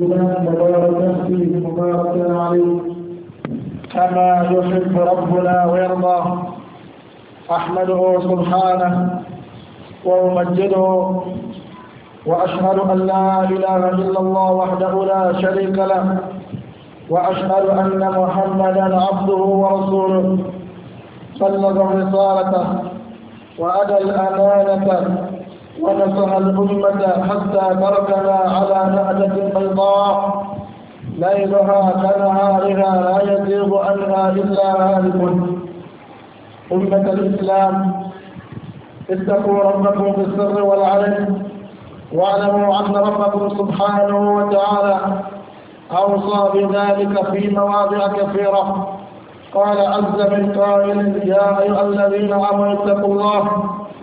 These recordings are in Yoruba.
فيه مبارك عليه كما يحب ربنا ويرضى أحمده سبحانه وأمجده وأشهد أن لا إله إلا الله وحده لا شريك له وأشهد أن محمدا عبده ورسوله بلغ رسالته وأدى الأمانة ونصر الأمة حتى تركنا على نعجة بيضاء ليلها كنهارها لا يزيغ عنها إلا هالك أمة الإسلام اتقوا ربكم في السر والعلن واعلموا أن ربكم سبحانه وتعالى أوصى بذلك في مواضع كثيرة قال عز من قائل يا أيها الذين آمنوا اتقوا الله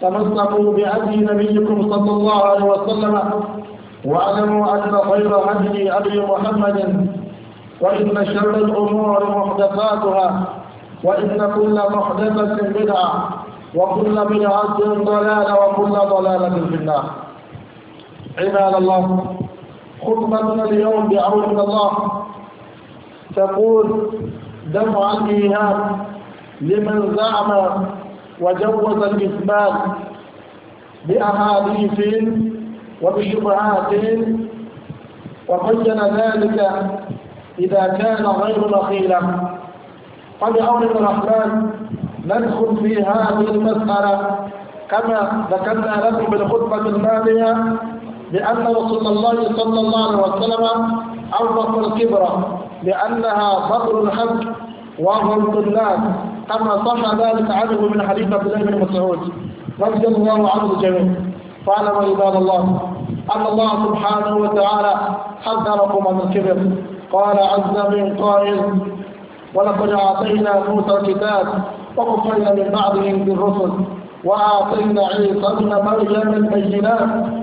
تمسكوا بهدي نبيكم صلى الله عليه وسلم واعلموا أن خير هدي أبي محمد وإن شر الأمور محدثاتها وإن كل محدثة بدعة وكل بدعة ضلالة وكل ضلالة في النار عباد الله خطبتنا اليوم بعون الله تقول دفع الإيهام لمن زعم وجوز الإثبات بأحاديث وبشبهات وبين ذلك إذا كان غير نخيلة فبعون الرحمن ندخل في هذه المسألة كما ذكرنا لكم بالخطبة الماضية بأن رسول الله صلى الله عليه وسلم اوضح الكبرى لأنها صدر الحق وهم الناس كما صح ذلك عنه من حديث عبد الله بن مسعود رضي الله عنه الجميع فاعلم عباد الله أن الله سبحانه وتعالى حذركم من الكبر قال عز من قائل ولقد أعطينا موسى الكتاب وقفينا من بعده بالرسل واعطينا عيسى ابن مريم البينات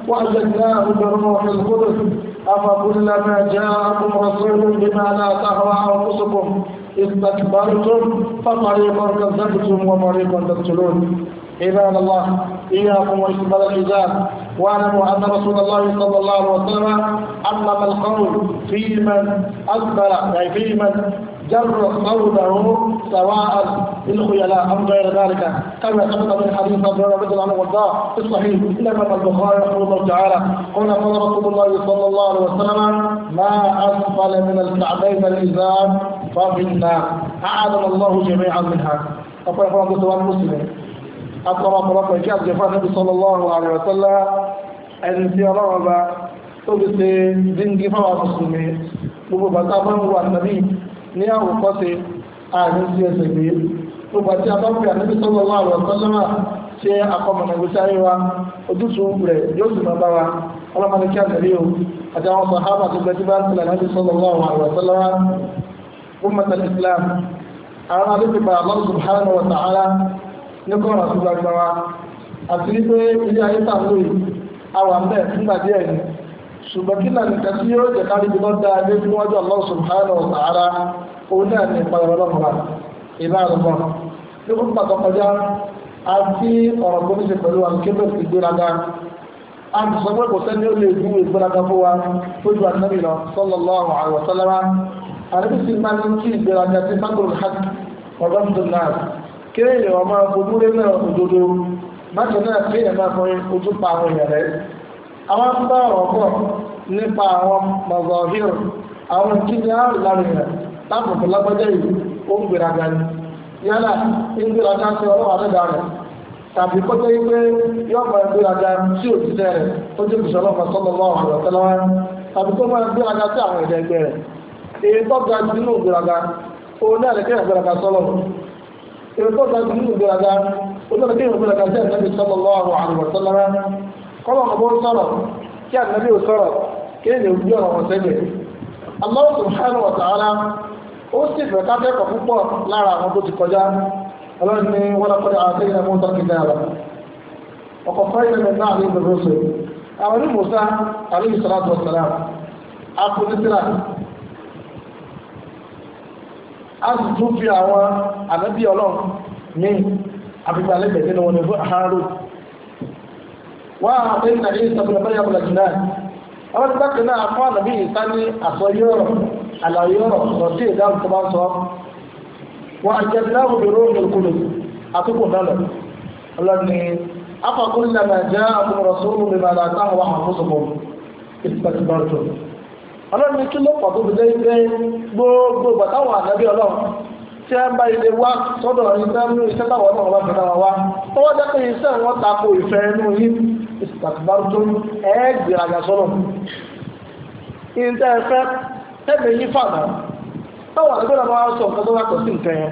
واجدناه بروح القدس أفكلما جاءكم رسول بما لا تهوى أنفسكم استكبرتم فطريقا كذبتم وطريقا تقتلون عباد الله إياكم وإقبال الحجاب واعلموا أن رسول الله صلى الله عليه وسلم علم القول في من أكبر يعني في من جر قوله سواء الخيلاء أم غير ذلك كما ثبت من حديث أبي هريرة رضي الله عنه وارضاه في الصحيح الا أمام البخاري رحمه الله تعالى قال قال رسول الله صلى الله عليه وسلم ما أسفل من الكعبين الإزار أصحاب النار أعاذنا الله جميعا منها أقول أخوان قصوى المسلمين أقرأ أقرأ كتاب جفاء النبي صلى الله عليه وسلم أن في رغبة تبسي دين جفاء المسلمين gbogbo bàtà bá ń wà nàbí ní àwòkọ́sẹ̀ ààrẹ sí ẹsẹ̀ gbé gbogbo àti abáwọ̀fẹ́ àti sọ́wọ́ wà rọ̀ sọ́lọ́mà ṣe akọmọ̀nà ìgbésí ayé wa ojútùú rẹ̀ yóò sì máa bá wa ọlọ́mọdé kí àgbẹ̀rí o àti àwọn sàhábà tó gbẹ́jú bá ń tilẹ̀ láti sọ́wọ́ wà rọ̀ sọ́lọ́mà ummata islam àwọn adébípa Allah subhanahu wa ta'ala ní kọ́ra tó gbàgbà wa àti wípé ilé ayé tà lóyè àwọn àmì nígbà díẹ̀ ni ṣùgbọ́n kí náà nìkan tí yóò jẹ́ kárí bí lọ́dà ilé tí wọ́n jọ Allah subhanahu wa ta'ala òun náà ní ìpayọ̀ ọlọ́mọba ìlà àrùbọ̀ ní kó pàtó kọjá àti ọ̀rọ̀ tó ní ṣe pẹ̀lú àkébẹ̀ ìgbéraga àti sọ pé kò sẹ́ni ó lè gbé ìgbéraga fún wa tó ju àtẹ́rì lọ sallallahu alaihi wa sallam àrẹ́bí sì máa ń kí ìgbéraga sí sábòrò hajj ọ̀dọ́ ọdún náà kéré èèyàn máa fojú lé náà òdodo máṣe náà kí èèyàn máa fọyín ojú pa àwọn èèyàn rẹ̀ àwọn ń bá ọ̀rọ̀ pọ̀ nípa àwọn mọ̀gànhìn àwọn yìí pé yọ máa sí òṣìṣẹ́ rẹ̀ ó jẹ́ àwọn tàbí máa sí àwọn èyí tó ga jù nínú ìgbéraga òun náà lè kéèyàn ìgbéraga sọ́lọ̀ èyí tó ka jù nínú ìgbéraga òun náà lè kéèyàn ìgbéraga sí ànábì sọ́lọ̀ lọ́wọ́ àrùn ọ̀sọ́lára kọ́lọ̀ ọ̀bọ̀ sọ̀rọ̀ kí ànábì ò sọ̀rọ̀ kí èyí ojú ọ̀rọ̀ sẹ́gbẹ̀ wa ó sì fẹ́ púpọ̀ lára àwọn tó ti kọjá ọlọ́run ni wọ́n a sì tún fi àwọn ànábì ọlọ́run ní àfikún alẹ́gbẹ̀ẹ́ nínú wọn ní fún àárò wá àpé ìtàgé ìsọ̀bùnà bẹ́ẹ̀ yàgò lẹ́jìn náà àwọn tí bákan náà fún ànábì ìta ní àsọyé ọ̀rọ̀ àlàyé ọ̀rọ̀ tó bá ń sọ wọn àjẹ náà wò lè róòmù ìkulù àtúkù náà ọlọ́ni afọkùnrin náà àkùnrin rọ̀ ọlọ́run kí ló pọ̀ tó fi lẹ́yìn gbogbo bàtàwọn ànábì ọlọ́run tí a bá ilé wá sọ́dọ̀ iná nínú iṣẹ́ táwọn ọlọ́run bá fẹ́ra wa tó wọ́n jẹ́ iṣẹ́ wọn tako ìfẹ́ inú yín ìsìtàkùbárú tó ẹ̀ gbìyànjú sọ́dọ̀ ìǹtẹ́ ẹ̀fẹ́ tẹ́lẹ̀ fàdà táwọn àgbẹ̀rẹ̀ máa sọ nǹkan sí yẹn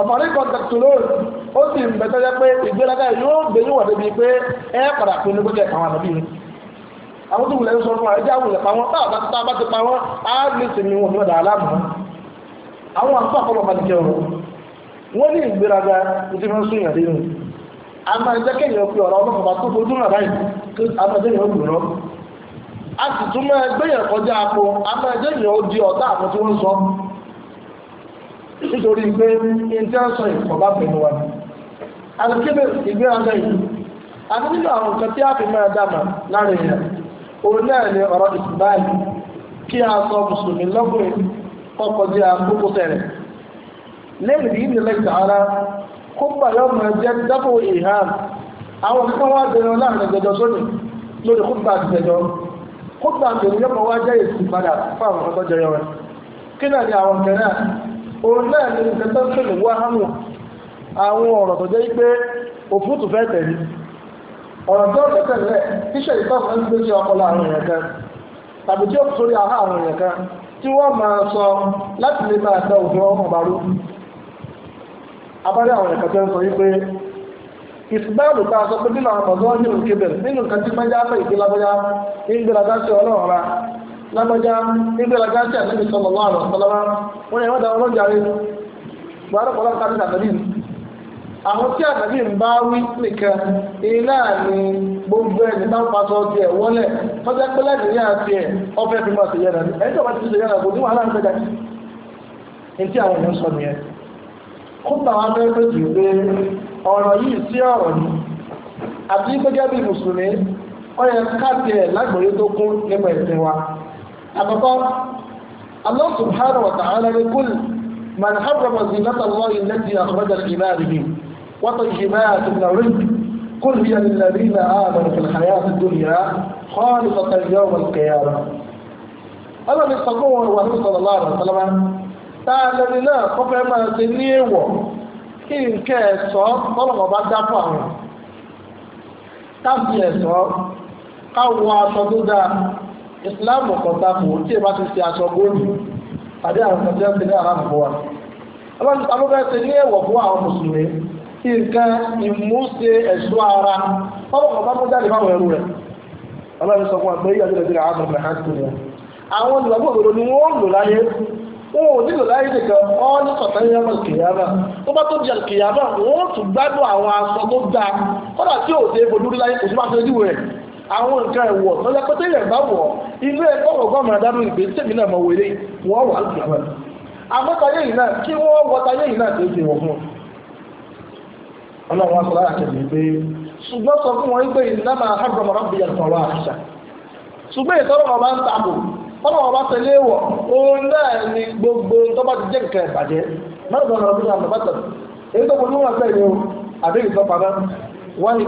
ọ̀fọ̀rí kọ̀ǹtẹ̀tùlóòrì ó sì ń bẹ̀tọ́ jẹ́ pé ìgbéraga yóò gbé yíwọ̀ débi pé ẹ padà ní àwọn àbí àwọn tó wulẹ̀ ń sọ fún wa àwùlẹ̀ pa wọn bá ti a bá ti pa wọn á lè sì ní wọn níwọ̀dà aláàmù àwọn àǹfà ọ̀pọ̀lọpọ̀ bá ti jẹ́ ọ̀rọ̀ wọn ní ti fi ń sún ìyàdé fi ọ̀rọ̀ nítorí pé ìjẹ́ sọ ìkọ̀bá pẹ̀lú wa aga kébè igwe yìí àti àwọn nǹkan tí a fi máa dàmà lára èèyàn òun náà ni ọ̀rọ̀ ìsìnbáyìí kí a sọ mùsùlùmí lọ́kùnrin kọ́kọ́ sí àkókò sẹ̀rẹ̀ lẹ́yìn bí ìdílé ìtàhárá kó ara. mọ̀ jẹ́ dábò ìhàn àwọn tí wá láàrin lórí kúgbà kúgbà wá jẹ́ padà fún àwọn kí náà ni àwọn òun náà ní nǹkan tó ń pè àwọn ọ̀rọ̀ tó jẹ́ pé òfútù fẹ́ tẹ̀lé ọ̀rọ̀ tó tẹ̀lé tíṣẹ̀ ìtàn ń gbé sí tàbí tí ó sórí àwọn èèyàn kan tí sọ láti lè máa òfin ọmọ abárí àwọn èèyàn kan ń sọ wípé ìsìbáàlù a pé nínú àwọn nínú nǹkan tí lágbájá nígbàlájá tí àtẹ́bí sọ lọ́wọ́ àrùn ọ̀sọ́lọ́wọ́ wọn yẹn wọ́n dáwọn lọ́jà rẹ̀ gbọ́dọ̀ pọ̀lọ́ ká nígbà tàbí àwọn tí àtàbí ń bá wí nìkan gbogbo ẹni bá ń paṣọ tiẹ̀ wọlé tọ́jà pé lẹ́yìn àti ẹ̀ ọ̀fẹ́ fi máa ẹni bá ti kò ní wàhálà ń àwọn èèyàn sọ nìyẹn kó tàwọn pé yìí المطار الله سبحانه وتعالى لكل من حرم زينة الله التي أخرج الإيمان به وطيبات من الرزق كل هي للذين آمنوا في الحياة الدنيا خالصة يوم القيامة أنا من صلوه صلى الله عليه وسلم تعالى لله قبع ما سنيه إن كيسه طلب بعد دفعه تبيسه قوى صدوده Islam kan takò tí èèyàn bá ti ṣe aṣọ góòlù tàbí àwọn kan tí wọ́n ti ní aráàlú fún wa ọlọ́run ta ló fẹ́ ṣe ní ẹ̀wọ̀ fún àwọn mùsùlùmí kí nǹkan ìmúṣe ẹ̀ṣọ́ ara ọlọ́run kan bá mú jáde fáwọn ẹrú rẹ̀ ọlọ́run sọ fún wa pé yíyàjú rẹ̀ sílẹ̀ àwọn ọmọ àwọn olùgbàgbọ́ òdodo ni wọ́n lò láyé wọn ò nílò láyé nìkan wọ́n ní sọ̀tàn yẹn mọ̀ kìyàmà tó bá tó di àkìyàmà wọ́n tún gbádùn àwọn aṣọ tó dáa kọ́dà tí ò dé fojú rí láyé kò sí máa fẹ́ díwò rẹ̀ àwọn nǹkan ẹ̀wọ̀ tó lẹ́pẹ́ tó yẹ̀ bá wọ̀ inú ẹ̀ kọ́ ọ̀gọ́ ọmọ àdánù ìgbé tèmi náà mọ wẹ̀lẹ́ wọ́n wà á gbà wọn. àmọ́ tayé yìí náà kí wọ́n wọ tayé yìí náà kéde wọ̀ fún un. ọlọ́run wa sọ lára kẹ̀mí pé ṣùgbọ́n sọ fún wọn pé ìnáma àbúrò ọmọ bìyà tọrọ àṣà ṣùgbọ́n ìtọ́rọ̀ ni gbogbo tó bá ti jẹ́ nǹkan ìbàjẹ́ mẹ́rin ọ̀rọ̀ bí wọn bá tẹ̀ èyí tó kọ́ ní wọn fẹ́ ni o àbí ìtọ́pamọ́ wọn ni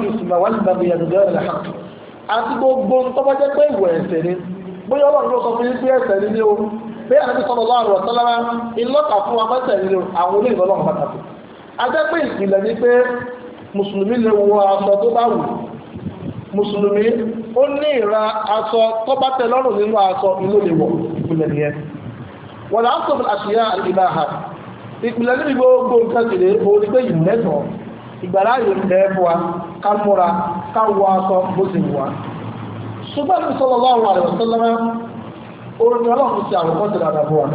àti gbogbo ntọ́ba jẹ́ pé ìwẹ̀ ẹ̀ṣẹ̀ ni bóyá ọlọ́run ló sọ fún pé ni pé àti ọ̀tọ́lára ìlọ́ta fún ni àwọn ọlọ́run a jẹ́ pé ìpìlẹ̀ ni pé mùsùlùmí lè wọ aṣọ tó bá wù mùsùlùmí ó ní ìra aṣọ tó bá tẹ lọ́rùn nínú aṣọ ìlú lè wọ̀ ìpìlẹ̀ nìyẹn. wọ́n làásọ̀ àṣìyá ìpìlẹ̀ níbi gbogbo nǹkan ìgbàlá yìí ń bẹ́ẹ̀ fún wa ká múra ká wọ aṣọ bó ti wù wá. ṣùgbọ́n mi sọ lọ́wọ́ àwọn àlẹ́ ọ̀sán lọ́wọ́ orin ọlọ́run ti àwọn kọ́ńtà dáadáa fún wa.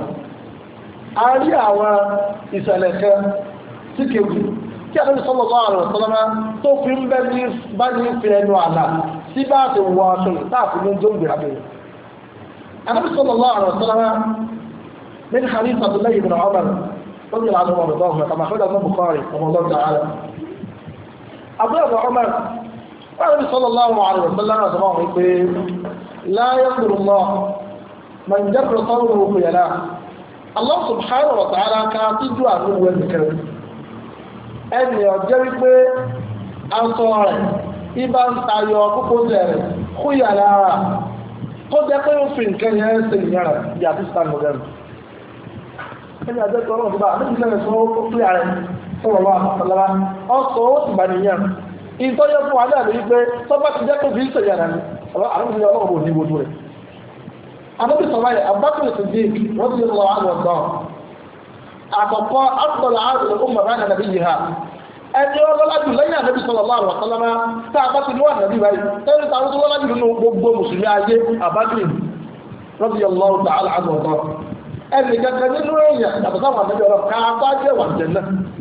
a rí àwọn ìṣẹ̀lẹ̀ kan tí kejì tí àdéhùn sọ lọ́wọ́ àlẹ́ ọ̀sán lọ́wọ́ tó fi ń bẹ́ ní bá ní fi ẹnu àlà sí bá ti wọ aṣọ yìí tá àfi ní jó ń gbèrà bẹ̀rẹ̀. àdéhùn lọ́wọ́ àlẹ́ ọ̀sán lọ́wọ́ من حديث عبد الله بن عمر رضي الله عنه وارضاه كما خرج ابن البخاري رحمه الله تعالى abúlọ̀dọ̀ ọmọ báyìí sallallahu alaihi wasallam àtọ́mọ̀ wípé láyé kùrùmọ́ man jẹ́kùrù sọ́rọ̀ òkú yẹ̀lá Allah subhanahu wa ta'ala ká tíjú àdúgbò ẹnì kẹrin ẹnì ọjọ́ wípé aṣọ rẹ̀ ibà ń tayọ kókó tẹ̀rẹ̀ kú yàrá kó jẹ́ pé òfin nǹkan yẹn ń ṣe ìyára ìyàtí sàn lọ́gẹ́rù ẹnì àjẹsọ́ ọlọ́run fúnra àtàlára ọ̀sọ̀ ìgbàniyàn ìtọ́jọ́ fún adé àlè wípé sọ́bà ti jẹ́ kó fi ń sèyà rẹ̀ ni àwọn ìlú ọlọ́run ò ní gbogbo rẹ̀. àbẹ́bí sọ̀rọ̀ yẹn abákùnrin sì di wọ́n ti lọ àwọn ọ̀dọ́ àkọ́kọ́ àtọ̀lá àrùn ọmọ rẹ̀ nàbí yìí ha ẹni ọlọ́lájú lẹ́yìn ànábì sọ̀rọ̀ láàrọ̀ àtàlára tá a bá ti níwọ̀n ànábì báyìí tẹ́lẹ̀ tí àwọn tó lọ́lájú nínú gbogbo mùsùlùmí ayé àbákùnrin rọ́bì ọlọ́run tààlà àgbọ̀dọ̀ ẹnì kankan nínú èèyàn àtàkọ́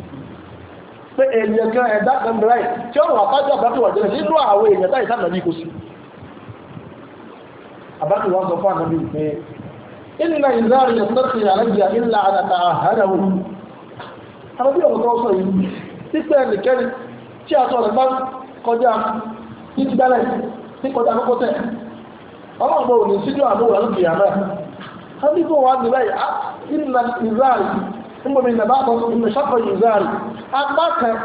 pé èèyàn kan ẹ̀dá kan mìíràn tí ó wà fájú wà jẹ́lẹ̀ nínú àwọn èèyàn táyì sáà nàbí kò sí. àbákù wọn sọ fún ànábì pé ìnà ìzáàrí ẹ̀sọ́tì àlẹ́bíà ìlà àdàtà àhárẹ̀wò àbábí ọ̀rọ̀ tó sọ yìí títẹ̀ nìkẹ́ni tí a sọ̀rọ̀ na kọjá títí gbálẹ̀ tí kọjá kókó tẹ̀ àbúrò apá kan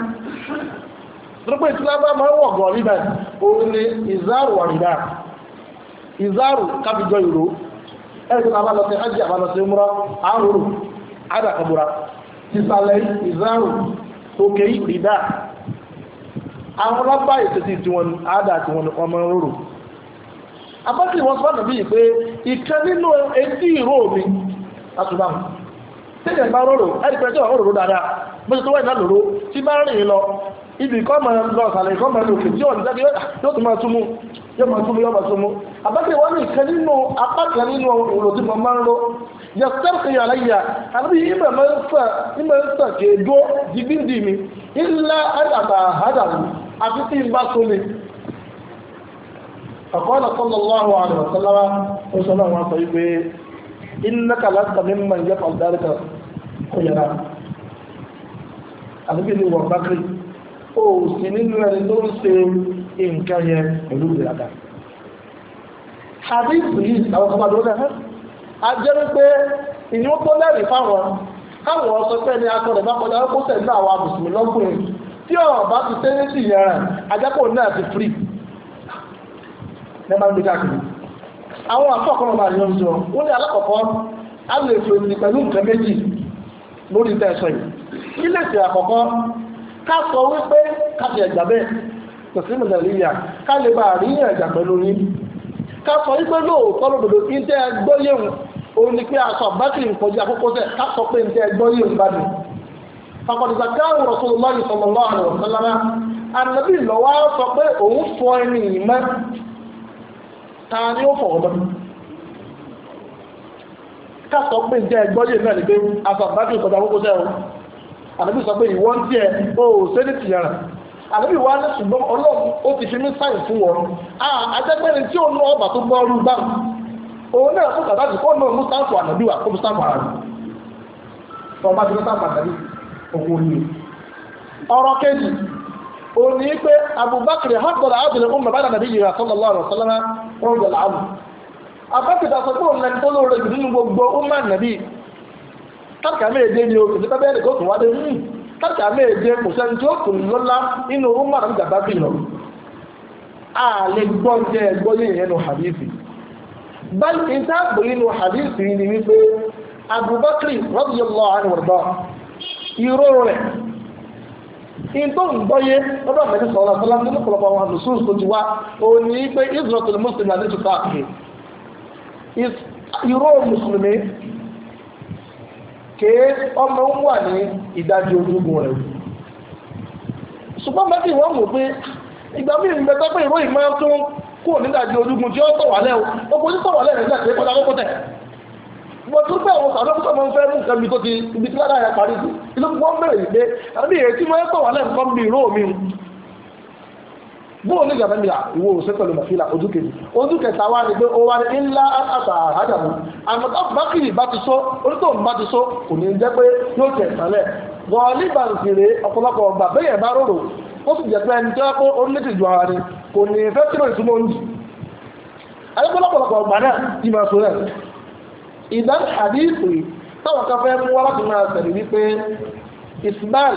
rúpẹ́ máa ń wọ̀gọ̀ ríbẹ̀ òun ni ìzáàrù àrídà ìzáàrù kábíjọ ìró ẹ̀rù abálọ́sẹ̀ hajj abálọ́sẹ̀ múra àárò àdàkàbúra ìsàlẹ̀ ìzáàrù òkè ìrìdà àwọn ọlọ́pàá ètò ti tiwọn ti ọmọ abọ́sí wọn sọ bíi pé ìkan nínú etí ìró mi bá rọrùn bó ṣe tó wáyé náà lòró tí bá rìn lọ ibi kọ́ mọ̀ lọ sàlẹ̀ kọ́ mọ̀ lòkè tí ọ̀nà jáde yóò tún máa túmú yóò máa túmú yóò máa túmú àbẹ́tẹ̀ wọ́n ní ìkan nínú apá kan nínú òrò tí mo máa ń lo yẹsẹ̀rì àlàyé àbí ibẹ̀ máa ń sàn ibẹ̀ ń mi ilá àdàbà àdàbà àti tí n bá tó mi. فقال صلى الله عليه وسلم àbíbí ni wọ̀n bákìrì ó sì nínú ẹni tó ń ṣe nǹkan yẹn pẹ̀lú ìrìnàkà àbí ìpìlì àwọn kan máa dúró náà a jẹ́ wípé ìyún tó lẹ́rìí fáwọn káwọn sọ pé ní akọ̀rẹ̀ bá kọjá ó tẹ̀lé àwọn mùsùlùmí lọ́kùnrin tí ọ̀rọ̀ bá ti tẹ́lẹ̀ sí ìyẹn rẹ̀ ajákòó náà ti firi ní ẹ máa ń gbé káàkiri àwọn àfọ̀kọ́nà máa yọ ń sọ ó ní alákọ̀ọ́kọ́ a lè fèrè pẹ̀lú nǹkan méjì lórí tẹ̀sán yìí kílẹ̀sì àkọ́kọ́ ká sọ wípé ká fi ẹ̀gbà bẹ́ẹ̀ kò sí mùsàlìyà ká lè bá rí ẹ̀gbà pẹ̀lú yín ká sọ wípé lóòótọ́ lòdòdò kí n tẹ́ ẹ gbọ́ yéhùn òun ni pé aṣọ àbákìrì ń kọjú àkókò tẹ ká sọ pé n tẹ́ ẹ gbọ́ yéhùn bá mi. fàkọ̀dùsà káwọn Rasulullahi sallallahu alaihi wasallam ànábì lọ́wọ́ sọ pé òun fọ ẹni ìmọ̀ ta ni ó fọ̀ ká sọ pé n tẹ́ ẹ gbọ́ yéhùn náà ni pé aṣọ àbákìrì kọjú àkókò tẹ ànábì sọ pé ìwọ ń díẹ̀ o ò sẹ́ni tìyàrá ànábì wa ní ṣùgbọ́n ọlọ́run ó ti fi mí sáyìn fún wọn àjẹgbẹ́ni tí ó ná ọba tó gbọ́ ọrú gbà òun náà fún kàdá ti kọ́ náà mú sáfù ànábì wa kó mú sáfù ara rẹ̀ ọba ti mú sáfù ànábì òun ni ọ̀rọ̀ kejì òun ni pé Abubakar habdala abdul umma bá yìí tàbí àmì èdè ni o kò bẹ́ẹ̀ nìkan tó wá dé mú hmm. tàbí àmì èdè kò tí ó nínú gàdá lọ. a lè gbọ́ jẹ́ ẹgbọ́ yẹn nínú hadithi báyìí ní sáàbù nínú hadithi ni wípé Abubakar ìró rẹ̀ ìtò ìgbọ́yé lọ́dọ̀ sọ̀rọ̀ nínú àwọn àdùsùn tó ti wá pé israel ìró mùsùlùmí kèé ọmọ ń wà ní ìdajì ojúgun rẹ̀ ṣùgbọ́n mẹ́tì wọ́n mọ̀ pé ìgbà míì ń bẹ́tọ́ pé ìró ìmọ̀ tó ń kúrò nídàjì ojúgun tí ó tọ̀wálẹ̀ o oko tí tọ̀wálẹ̀ rẹ̀ nígbà tí ó kọjá kókó tẹ̀ wọ́n tún bẹ́ẹ̀ wọn sàdọ́ fún ọmọ fẹ́ mú nǹkan mi tó ti ibi tí ládàá yẹn parí sí ilé wọn bẹ̀rẹ̀ yìí pé àbí èyí tí wọ́n tọ̀wálẹ̀ nǹkan mi ìró mi bóò ní à ìwọ ojú kejì ojú kẹta wa ni pé ó wá ní ńlá àtà àdàmú àmọ́ bákìrì bá ti sọ onítò bá ti sọ kò ní jẹ́ pé yóò tẹ̀ sálẹ̀ wọ́ọ̀lì bàǹkìrì ọ̀pọ̀lọpọ̀ ọba bẹ́yẹ̀ bá rọrò ó sì jẹ́ pé ẹni tó yẹ kó orílẹ̀-èdè ismail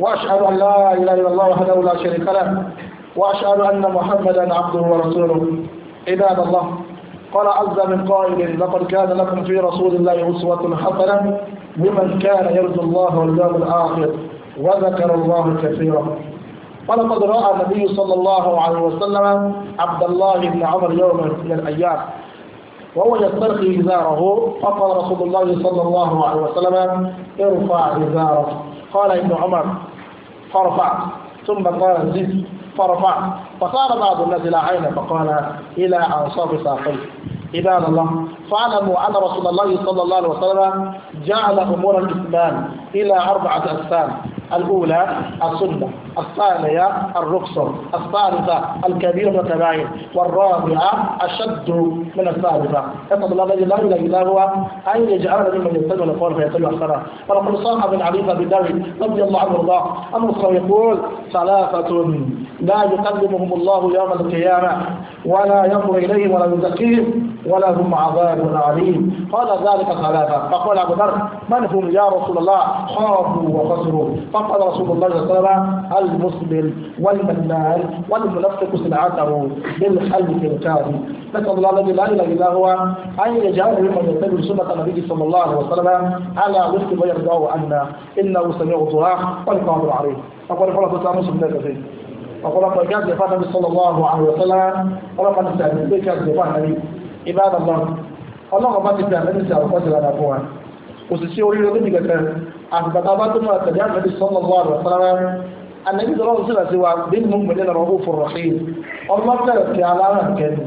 وأشهد أن لا إله إلا الله وحده لا شريك له وأشهد أن محمدا عبده ورسوله عباد الله قال عز من قائل لقد كان لكم في رسول الله أسوة حسنة لمن كان يرجو الله واليوم الآخر وذكر الله كثيرا ولقد رأى النبي صلى الله عليه وسلم عبد الله بن عمر يوما من الأيام وهو يسترخي إزاره فقال رسول الله صلى الله عليه وسلم ارفع إزارك قال ابن عمر فرفع ثم قال زد فرفع فصار بعض الناس إلى عينه فقال إلى أنصاف ساقيه عباد الله فاعلموا أن رسول الله صلى الله عليه وسلم جعل أمور الإسلام إلى أربعة أقسام الأولى السنة الثانية الرخصة الثالثة الكبير والكبائر والرابعة أشد من الثالثة يسأل الله الذي لا إله إلا هو أن يجعلنا ممن يستمع القول فيتبع أحسنه ولقد صاح بن علي بن أبي رضي الله عنه وأرضاه أنه يقول ثلاثة لا يكلمهم الله يوم القيامة ولا ينظر إليهم ولا يزكيهم ولا هم عذاب عذاب عليم قال ذلك ثلاثة فقال أبو ذر من هم يا رسول الله خافوا وخسروا فقال رسول الله صلى الله عليه وسلم المسلم والمنال والمنفق سلعته بالحلف الكاذب نسأل الله الذي لا إله إلا هو أن يجعله من يتبع سنة النبي صلى الله عليه وسلم على وفق ما يرضاه عنا إنه سميع الدعاء والقادر عليه فقال الله تسامح سبحانه وتعالى ọ̀pọ̀lọpọ̀ فقال الله صلى الله عليه وسلم ọlọ́pàá ti sàbẹ̀ pé kí a gbẹ̀fà الله ọlọ́run bá ti fi àmì ìsìn àlùkò ti rárá fún wa kò sì sí oríire lóbi kankan àgbàtà bá tó máa tẹ̀lé àmì ìsìn ọmọ wa rẹ̀ sára ànàbí tó lọ́wọ́ sílẹ̀ sí wa bí mo gbẹ̀lẹ́ lọ́rọ̀ ó fọ̀rọ̀ sí i ọmọ bẹ̀rẹ̀ sí alára kẹ́ni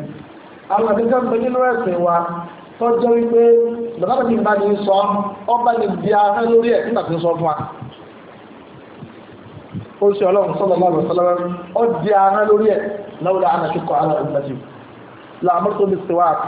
àwọn àdéhùn pé nínú ẹ̀sìn wa tọ́jọ́ wípé bàbá mi bá ní sọ ọba ní bí ahẹ́ lórí ẹ̀ nígbà tó ń sọ fún wa ó ṣe ọlọ́run sọ́dọ̀ lọ́rọ̀ sọ́lọ́rọ̀ ó di ahẹ́ lórí ẹ̀ lọ́wọ́dà ànàkíkọ̀ àlọ́ ìgbàjì làmọ́tò bí siwáàkì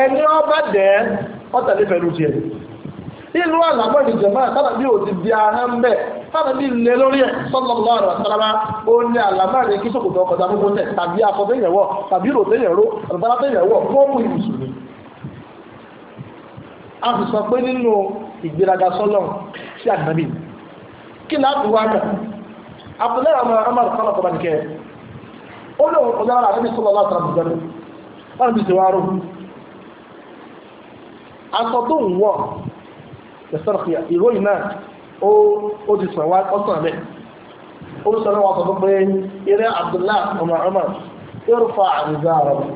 ẹni ọba dẹ̀ ọ̀tàlẹ́ pẹ̀lú tiẹ̀ nínú àná pẹ̀lú jẹ̀mọ́ sábàbí ò di ara ń bẹ̀ sábàbí lé lórí ẹ̀ sọ́dọ̀lọ́ ọ̀rọ̀ sálábà ó ní kí tàbí afọ tẹ̀yẹ̀ wọ̀ tàbí rò tẹ̀yẹ̀ ró àbára tẹ̀yẹ̀ wọ̀ fún ìmùsùlùmí. a sì sọ pé nínú ìgbéraga sọ́lọ̀ sí kí wá kà àwọn aṣọ tó ń wọ̀ ìsọ̀rọ̀kìyà ó ti sàn wá ọ̀sán rẹ̀ ó sọ náà Abdullahi ọmọ ọmọ irfa àrùzá ara wọn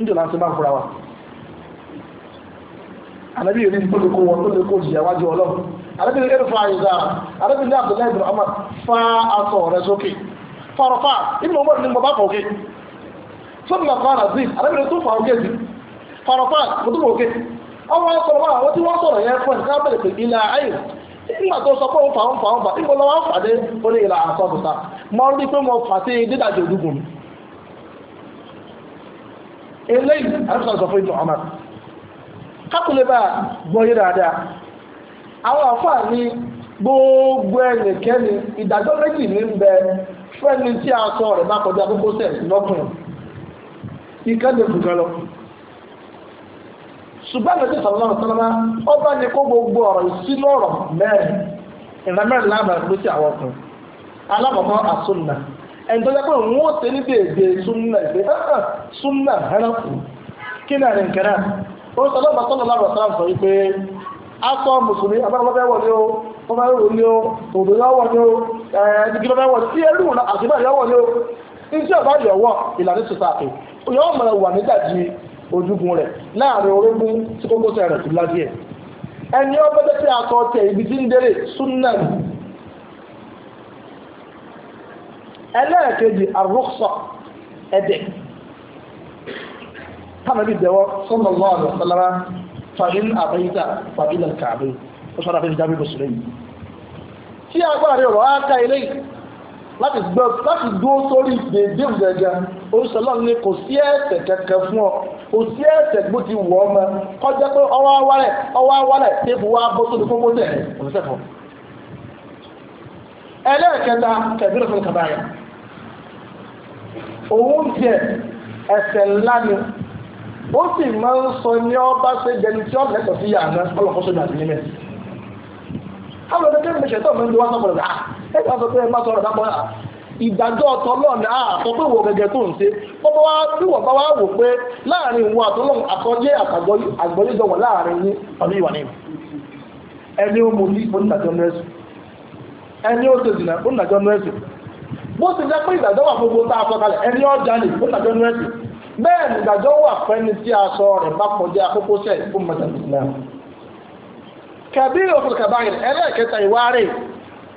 níjọ láti máa fura wa ànábì yìí tó lè kó wọn tó lè kó jìyà wájú ọlọ́run ànábì yìí irfa àrùzá ànábì ní Abdullahi ibn Umar fa aṣọ sókè farafa bàbá fara yìí tó farafa mo tó ọwọ́ sọ̀rọ̀ máa àwọn tí wọ́n sọ̀rọ̀ yẹn fún ẹ̀ka bẹ̀rẹ̀ pé ilẹ̀ ayé nígbà tó sọ pé ó fà ó fà ó fà níbo lọ́wọ́ fàdé ó ìlà àkọ́bùsà mo rí pé mo fà sí dídàjọ mi. eléyìí sọ fún kákùlé bá dáadáa àwọn àfáà ní gbogbo ẹnìkẹ́ni ìdájọ́ méjì ní ń bẹ fẹ́ni tí a sọ rẹ̀ bá kọjá gbogbo sẹ́ẹ̀ lọ́kùnrin ìkẹ́ni ṣùgbọ́n àgbẹ̀tì sọ̀rọ̀ sọ́lọ́mà ọba ní kó gbogbo ọ̀rọ̀ ìsínú ọ̀rọ̀ mẹ́rin ìran mẹ́rin láàmà ló ti àwọn ọkùnrin alákọ̀ọ́kọ́ àsúnà ẹni tó lẹ́kọ̀ọ́ wọn ti ní bèbè súnà ìgbé súnà hẹ́rẹ́kù kí ni àrìn kẹrẹ́ ó sọ lọ́ba sọ́lọ́ lábọ̀ sọ́lọ́ sọ wípé akọ mùsùlùmí abáfẹ́ wọ̀ ni ó ọba yóò ní ó òdò yóò wọ̀ ni ó ẹ̀ẹ́dìgbìlọ́ bá wọ̀ sí ẹlú àṣìbá yóò wọ̀ ni ó iṣẹ́ ọba yọ̀ wọ̀ ìlànà ìṣòṣàkè yóò mọ̀ wà nígbà jí ojúgun rẹ̀ láàrin orógún tí kókósẹ̀ rẹ̀ ti lábí ẹ̀ ẹni ọgbẹ́dẹ́ tí a sọ tẹ ibi tí ń dérè súnà ẹlẹ́ẹ̀kejì àrùkṣọ ẹ̀dẹ̀ tánàbí dẹ̀wọ́ sọ́nà lọ́ọ̀rọ̀ sọ́lára fàbíl àbẹ́yíta fàbíl àkàbẹ́ ó sọ́nà fẹ́ láti gbọ́ láti dúró sórí dèédé gẹ́gẹ́ oríṣiríṣi ní kò sí ẹ̀ṣẹ̀ kẹ̀kẹ́ fún ọ kò sí ẹ̀ṣẹ̀ gbó ti wọ̀ ọmọ kọjá pé ọwọ́ awálẹ̀ ọwọ́ awálẹ̀ téèpù wa bó tóbi fún bóde òṣìṣẹ́ fún. ẹlẹ́ẹ̀kẹta kẹ̀bírẹ̀ fún kàbáyà òun tiẹ̀ ẹ̀ṣẹ̀ ńlá ni ó sì máa ń sọ ní ọba ṣe jẹni tí ọ̀bẹ̀ lẹ́tọ̀ọ́ sí ẹ̀ka sọ pé ẹ má sọ̀rọ̀ dápọ̀ ịdajọ ìdájọ́ ọ̀tọ́lọ́ọ̀nì àtọ́ pé wo gẹ́gẹ́ tó ń ṣe ọba wa bí wọ́n bá wá wò pé láàrin ìwọ àtọ́lọ́ọ̀nì àkọjẹ́ àgbọ̀yé jọ láàrin ọdún ìwà ní ẹni ó mu ní onídàájọ́ ẹni ó onídàájọ́ bó ti jẹ́ pé ìdájọ́ wà gbogbo tá a sọ kalẹ̀ ẹni ó jalè onídàájọ́ bẹ́ẹ̀ ni ìdájọ́ wà fẹ́ni tí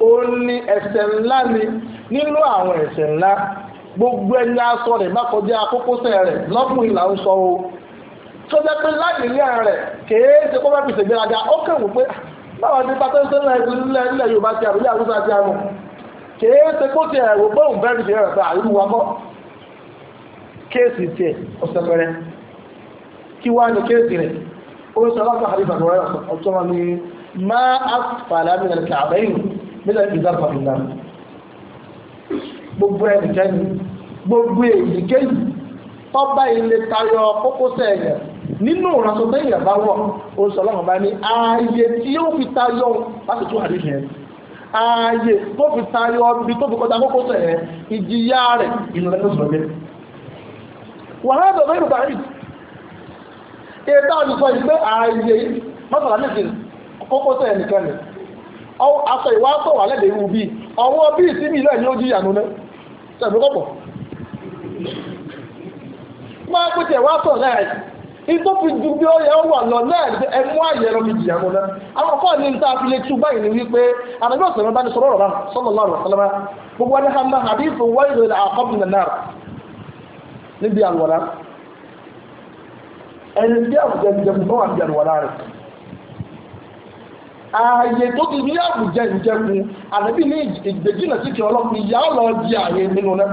ó ní ẹ̀ṣẹ̀ ńlá ni nínú àwọn ẹ̀ṣẹ̀ ńlá gbogbo ẹni aṣọ rẹ̀ bá kọjá kókósẹ̀ rẹ̀ lọ́kùnrin là ń sọ o tó jẹ́ pé láì ní ẹ̀rẹ̀ rẹ̀ kèé ṣe kó bá fi ṣègbéraga ó kẹ̀wò pé báwa ni pátá ń sẹ́lẹ̀ ilẹ̀ ilẹ̀ Yorùbá ti àbúlé àrúsá ti àmọ̀ kèé ṣe kó ti ẹ̀rọ bóun bẹ́ẹ̀ fi ṣègbéraga pé àrùn wa mọ́ kéèsì tiẹ̀ ọ̀sẹ̀ pẹ̀rẹ̀ kí wá ní kéèsì rẹ̀ ó ń sọ lọ́kọ̀ àdìsàn mílẹ̀ ìdílé àpàdùnà gbogbo ẹnikẹ́ni gbogbo èyíkéyìí tọ́ba ilé tayọ kókósẹ̀ yẹn nínú ìrànṣọ tó yẹn bá wọ̀ oṣù ọlọ́run bá ní ààyè tí yóò fi tayọ láti tún àdéhùn yẹn ààyè tó fi tayọ ibi tó fi kọjá kókósẹ̀ yẹn ìjìyà rẹ̀ ìnira ló sọ̀rọ̀ lẹ́nu. wàhálà tó fẹ́ yorùbá rí ètò àdìsọ yìí pé ààyè mọ́tàlá méjì kókósẹ̀ yẹn nìkan nìkan Asọ ìwà tó wà lẹ́dẹ̀ irú bíi ọwọ́ bíi sí mi lẹ́yìn ó jìyà nuna sẹ̀mí kọ̀pọ̀ máa pé tiẹ̀ wá sọ̀ náà ìtòfi ju bí ó yẹ wà lọ náà ẹmú mi jìyà àwọn nta fi lè tú báyìí ni wípé àdàbí ọ̀sẹ̀ mẹ́ta ni sọ̀rọ̀ rọ̀ náà sọ̀rọ̀ sọ̀rọ̀ gbogbo ẹni hàn náà àbí wáyé náà níbi àlùwàlá ẹni bí náà àlùwàlá ààyè tó ti ní àbùjẹ ìjẹkùn àdébí ní ìgbèjìnà sí kí ọlọ́pàá ìyá ọlọ́ di ààyè nínú náà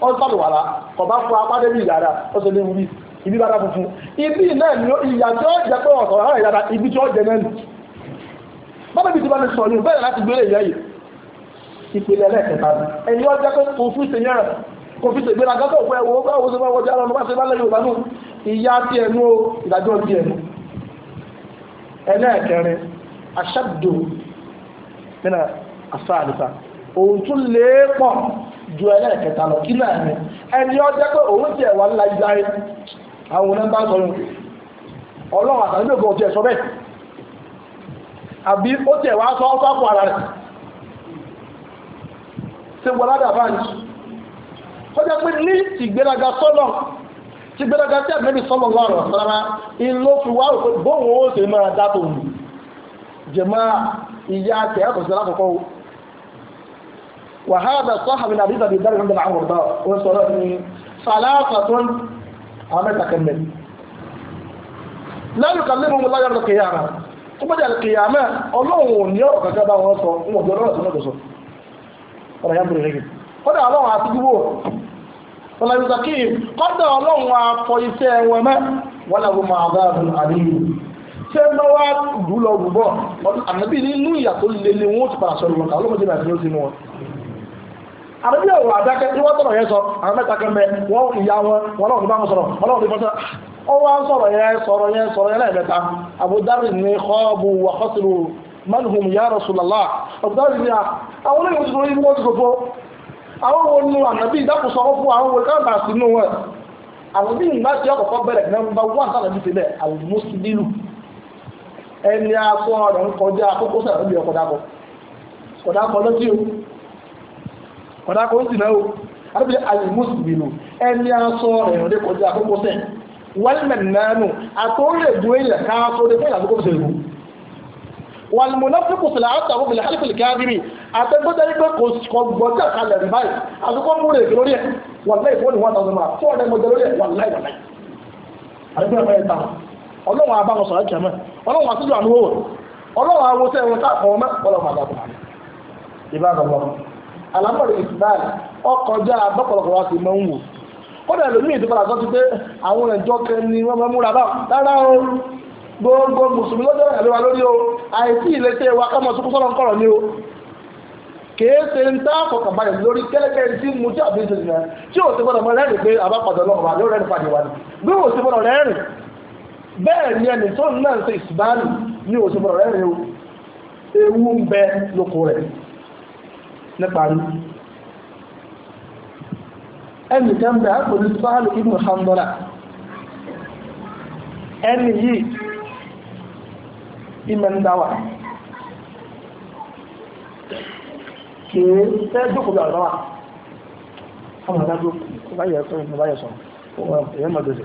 wọ́n sábà wà lá ọba fún apádé bí ìyára ó ṣe lé wí ibi bára funfun ibi náà ni ìyá tí ó jẹ pé ọ̀sán ọ̀rá ìyára ibi tí ó jẹ náà nì bọ́dọ̀ bí ti bá ní sọ̀rọ̀ yìí bẹ́ẹ̀ láti gbélé ìyá yìí ìpìlẹ̀ ẹlẹ́kẹta ni ẹni ó jẹ́ pé kò fún ìṣèyàn rẹ̀ kò fi ṣègbéra gẹ́gẹ́ òpó ẹ̀wọ̀ ó bá ṣe máa wọjá lọ́nà aṣáàdù nínú asáàlùfà òun tún lè pọ̀ ju ẹlẹ́ẹ̀kẹta lọ kí náà ni ẹni ọjọ́ pé òun tiẹ̀ wà ńlá ìgbà yẹn àwọn onáńbá sọ̀rọ̀ ọlọ́run àtàlẹ́ mi kò tiẹ̀ sọ bẹ́ẹ̀ àbí ó tiẹ̀ wá sọ ọ́sọ́ àpò ara rẹ̀ ṣe wọlá dàbá ni ó jẹ́ pé ní ìgbéraga sọ́lọ̀ tí ìgbéraga tí àbẹ́bí sọ́lọ̀ lọ́rọ̀ sára ń ló fi wá òfin bóun ó ṣe máa dá tòun jẹ̀mọ́ ìyá tẹ̀ yàtọ̀ sí alákọ̀ọ́kọ́ o wàhálà sọ́hà mi nàbí ìbàdí ìdárí ìdárí àwọn ọ̀dọ́ ó sọ lọ ní sàlásà tó ń àwọn mẹ́ta kẹ́mẹ́ lẹ́nu kan lébùn mi láyọ̀ lọ́kẹ́ yàrá tó bá jẹ́ kìyàmẹ́ ọlọ́run ò ní ọ̀rọ̀ kankan bá wọn sọ ń wọ̀n jọ́rọ̀ tó lọ́dọ̀ sọ ọ̀rọ̀ yà bùrẹ̀ rẹ̀ kọ́dà ọlọ́run àti gbogbo ọ̀làyùsàkì kọ́dà ọlọ́run àfọ iṣẹ́ wọn mẹ́ wọ́n làwọn máa bá àbúrò ṣé ẹ máa wá lù lọ rù bọ̀ ànábì nínú ìyà tó le ni wọn ó ti padà sọ lùwọ̀n kàlọ́ mọ̀jẹ́ náà ti ló ti mú wọn. ànábì ọ̀rọ̀ àdákẹ́ tí wọ́n sọ̀rọ̀ yẹn sọ àwọn mẹ́ta kan bẹ wọ́n ìyá wọn wọn náà ti bá wọn sọ̀rọ̀ wọn náà ti bá wọn wá ń sọ̀rọ̀ yẹn sọ̀rọ̀ yẹn sọ̀rọ̀ yẹn lẹ́ẹ̀mẹ́ta àbúdárì ní kọ́ọ̀bù wàkọ́sìrù mẹ́nuhùn yá rasulallah àbúdárì ní à àwọn olóyìn oṣù lórí wọ́n ti kò tó àwọn wo nu ànábì ìdákùsọ̀ ọ́ fún àwọn wo káàbà sínú wọn ànábì ìgbà tí ọkọ̀ bẹ̀rẹ̀ nọ́mbà wọ́n sàlẹ̀ ẹni akọ ọ̀rọ̀ ń kọjá akókó sàrọ̀ níbi ọ̀kọ̀dàkọ̀ kọ̀dàkọ̀ lọ́tí o kọ̀dàkọ̀ ó sì náà o arábìnrin alimusbinu ẹni asọ rẹ̀ ń dé kọjá akókó sẹ̀ wàlmẹ̀nánù àtọ́rẹ̀ ìbú ilẹ̀ káàtó dé fún ìlànà kókòsè ìbú wàlmùnáfíkù sílẹ̀ àtàwọn òbílẹ̀ hálífìlì káàbírì àtẹ́gbẹ́dẹ́ ní pé kò gbọ́dọ̀ kalẹ̀ ní báyìí àtúkọ́ mú rẹ̀ lórí ẹ̀ wàlẹ́ ìfọ́nù one thousand naira four hundred mọ̀jẹ̀ lórí ẹ̀ wàlẹ́ ìwàlẹ́ àdúgbò ẹ̀fọ́ ẹ̀ táwọn ọlọ́run abáwọn sọ̀rọ̀ jẹ̀mọ́ ọlọ́run àtúntò àánú wò ọlọ́run àwọn oṣù ẹ̀wọ̀n tá àwọn ọmọ ọlọ́run àgbà bàbá ìbá bàbá alámọ̀rẹ̀ ìsìláì ọkọjá abọ́pọ̀lọpọ̀ wa ti mọ̀ ń wò kódà lómi ìdúpọ̀lá sọ ti pé àwọn ẹ̀jọ́ kan wọ́n máa múra báwọn rárá o gbogbo mùsùlùmí báyìí lórí kẹ́lẹ́kẹ́ tí mu tí àbí ṣe jìnnà tí ò sí gbọ́dọ̀ mọ rẹ́rìn pé àbápadà ọlọ́run àbí ó rẹ́rìn padà wà ní bí ò sí gbọ́dọ̀ rẹ́rìn bẹ́ẹ̀ ni ẹni tó náà ń ṣe ìsìbáàlù ní òṣùpọ̀ rẹ̀ rẹ̀ o ewu ń bẹ lóko rẹ̀ nípa rí ẹni kan bẹ àpòlù sáàlù ibn handola ẹni yìí ìmẹ̀ ń dáwà kìí fẹ́ jókòó bí àlọ́wà ọmọ ìdájọ́ kò bá yẹ sọ ìmọ̀ bá yẹ sọ ìyẹn mọ̀ dòdò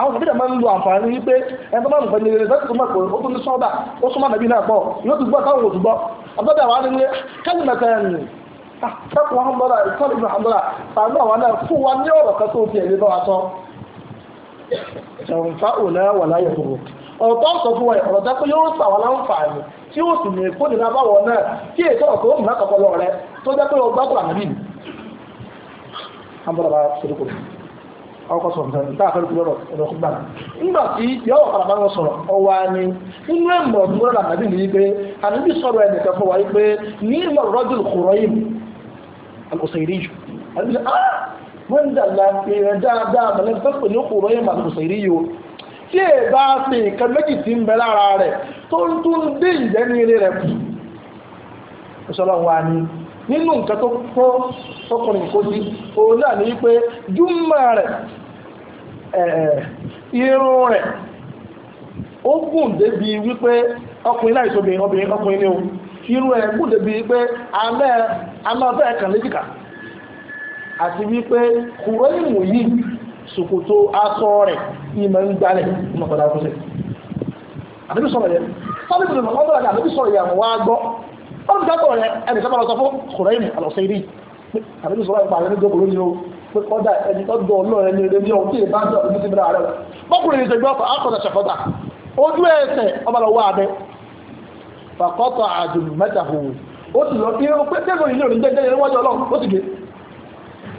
àwọn kàbídà máa ń lo àǹfààní wípé ẹni máa ń fẹ́ ní tó tó pé ó tún ní sọ́ọ́bà ó súnmọ́ àbẹ̀bí náà pọ̀ yóò ti gbọ́ táwọn òtún gbọ́ àbọ̀dà wa ni kẹ́lí mẹ́tẹ́ ẹ̀yìn ah, kẹ́kọ̀ọ́ wọn bọ́dà ìtọ́lù ìbùn àbúrà tàbí àwọn náà fún wa ní ọ̀rọ̀ kan tó fi ẹ̀mí bá wa sọ. ṣàǹfà òlẹ́ wà láyé gbogbo ọ̀rọ̀ tó ń sọ fún wa ọ̀rọ̀ tó yóò sà láǹfààní tí ó sì lè kó nínú abáwọ̀ náà kí èso ọ̀kọ́ ó mú kọ́kọ́ lọ rẹ tó jẹ́ pé ọgbà kúrò àmì ọkọ̀ sọ̀rọ̀ sọ̀rọ̀ nígbà fẹ́ lọ́rọ̀ ẹ̀rọ kúgbà nígbà tí yọ̀wọ̀ padà bá wọn sọ̀rọ̀ ọwọ́ ni inú ẹ̀mọ̀ tó rẹ̀ làbàbí ni wípé àbíbí sọ̀rọ̀ ẹ̀ nìkan fún wa wípé ní ìmọ̀ rọ́jùl kùrọ̀ yìí alùsèrí jù ah, wọ́n dàgbà èèyàn dáadáa mọ̀lẹ́ fẹ́pẹ̀ ní kùrọ̀ yìí alùsèrí yìí o tí è bá fi nǹkan méjì ti ń bẹ rẹ̀ tó ń tún dé ìjẹ́ni rẹ̀ kù. nínú nǹkan tó kọ́ ọkùnrin o sí òun náà ní wípé júmọ̀ rẹ̀ irun rẹ̀ ó gùn débi wípé ọkùnrin láì sóbi ọkùnrin ni o irú ẹ̀ gùn débi wípé amẹ́ amẹ́fẹ́ ẹ̀kan léjìká àti wípé kùrọ́ ìmù yìí ṣòkòtò aṣọ rẹ̀ ìmọ̀ ń gbalẹ̀ ìmọ̀ padà fún sẹ́yìn yẹn sábẹ́ yẹn ó ń dákọ̀ rẹ̀ ẹnì sábà lọ sọ fún kùrẹ́yìn àlọ́sẹ̀ rí àbí ní sọ́wọ́ ìpàdé ní gbogbo ní o pé kọ́dà ẹni tó dọ̀ ọlọ́ ẹni rẹ̀ ní ọ̀tí ìbájọ́ ìbí ti bẹ̀rẹ̀ rẹ̀ bọ́kùnrin ìṣẹ́jú ọkọ̀ akọ̀dà ṣàfọ́dà ojú ẹsẹ̀ ọba lọ wá abẹ fàkọ́tọ̀ àdùnnú mẹ́ta hù ó sì lọ bí ó pé tẹ́gbọ̀n ìlú òní jẹ́jẹ́ níwájú ọlọ́run ó sì gbé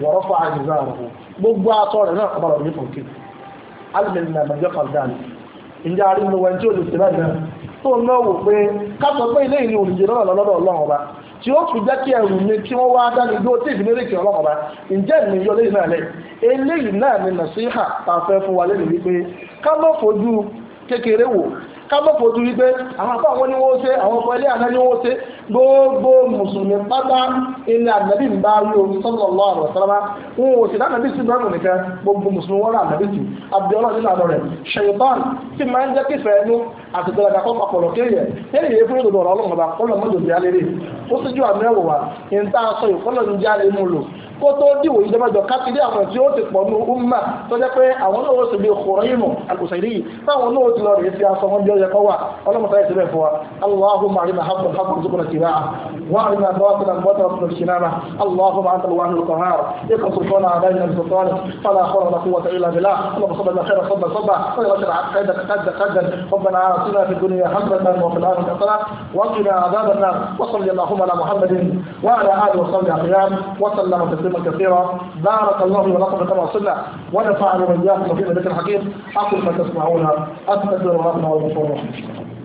wọ̀rọ̀ fọ àjùzá rẹ̀ hù gbogbo atọ́ rẹ̀ náà ọba lọ ní fòkè alìmẹ̀lì nàìjíríà fàlùdáàlì ìjà àrínú wẹ̀ tí ó lè ṣe láì náà tó ń lọ wò pé ká sọ pé ilé ìlú òrìjì lọ́nà lọ́dọ̀ ọlọ́run ọba tí ó jẹ́ kí ẹrù mi kí wọ́n wá dání bí ó tí ìdílé rèké ọlọ́run ọba ǹjẹ́ yọ lẹ́yìn náà eléyìí náà ni nàṣíhà tá a fẹ́ fún wa kábọ̀ fojú wípé àwọn afọ àwọn oníwó ṣe àwọn ọkọ ilé àná oníwó ṣe gbogbo mùsùlùmí pátá ilé ànábì ń bá rí omi sọ́nà lọ́wọ́ àrùn sálábà ń wò sí lánàbí sí ìbámu nìkan gbogbo mùsùlùmí wọn rà ànábì sí abiola nínú àná rẹ ṣèyítọ́n tí máa ń jẹ́ kí fẹ́ ẹnu àti ìgbàlagà kọ́ papọ̀lọ̀ kéèyàn yẹ́nì yẹ́ fún ìdòdò ọ̀rọ̀ ọlọ́mọba kọ́lọ̀ mọ́jọ́ bí alẹ́ rè ó sì ju àmì ẹ̀wọ̀ wa ìta sọ ìkọ́lọ̀ ń jáde mú lò kó tó dìwò ìjọmọjọ kákìlì àwọn tí ó ti pọ̀ ní umma tó jẹ́ pé àwọn náà ó sì bí kòrò yìí nù àkùsẹ̀rí yìí táwọn náà ó ti lọ rèé sí aṣọ wọn bí ó yẹ kọ́ wà ọlọ́mọta ẹ̀ síbẹ̀ fún wa اللهم علم حق الحق وارزقنا اتباعه وارنا باطلا باطلا وارزقنا اجتنابه اللهم انت الواحد القهار اقرا سلطان علينا بسلطانك فلا حول ولا قوه الا بالله اللهم صل على خير صبا صبا ولا شر قدك قد قدا ربنا اعطنا في الدنيا حسنه وفي الاخره حسنه وقنا عذاب النار وصل اللهم على محمد وعلى اله وصحبه اجمعين وسلم تسليما علما كثيرا بارك الله لكم ولكم كما وصلنا ونفعني واياكم في ذكر الحكيم اقول ما تسمعون استغفر الله العظيم